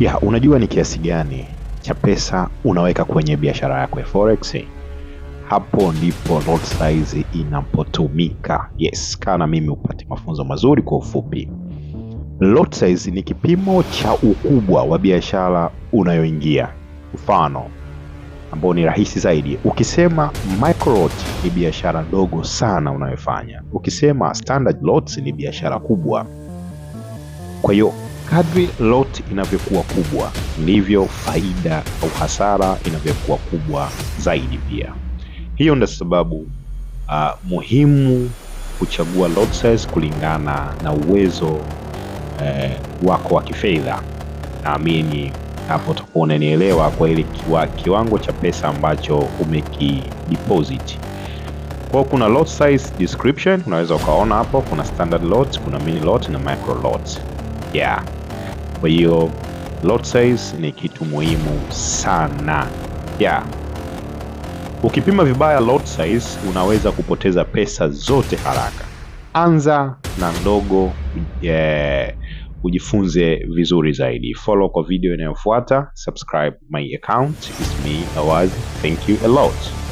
ya unajua ni kiasi gani cha pesa unaweka kwenye biashara yako ya forex. Hapo ndipo lot size inapotumika. Yes, kana mimi upate mafunzo mazuri kwa ufupi. Lot size ni kipimo cha ukubwa wa biashara unayoingia. Mfano ambao ni rahisi zaidi, ukisema micro lot ni biashara ndogo sana unayofanya, ukisema standard lots ni biashara kubwa. Kwa hiyo Kadri lot inavyokuwa kubwa ndivyo faida au hasara inavyokuwa kubwa zaidi. Pia hiyo ndio sababu uh, muhimu kuchagua lot size kulingana na uwezo uh, wako wa kifedha. Naamini hapo utakuwa unanielewa kwa ili kiwa, kiwango cha pesa ambacho umeki kwao kuna lot size description unaweza ukaona hapo, kuna standard lot, kuna mini lot na micro lot yeah. Kwa hiyo lot size ni kitu muhimu sana yeah. Ukipima vibaya lot size unaweza kupoteza pesa zote haraka. Anza na ndogo yeah. Ujifunze vizuri zaidi. Follow kwa video inayofuata. Subscribe my account. It's me Awaz, Thank you a lot.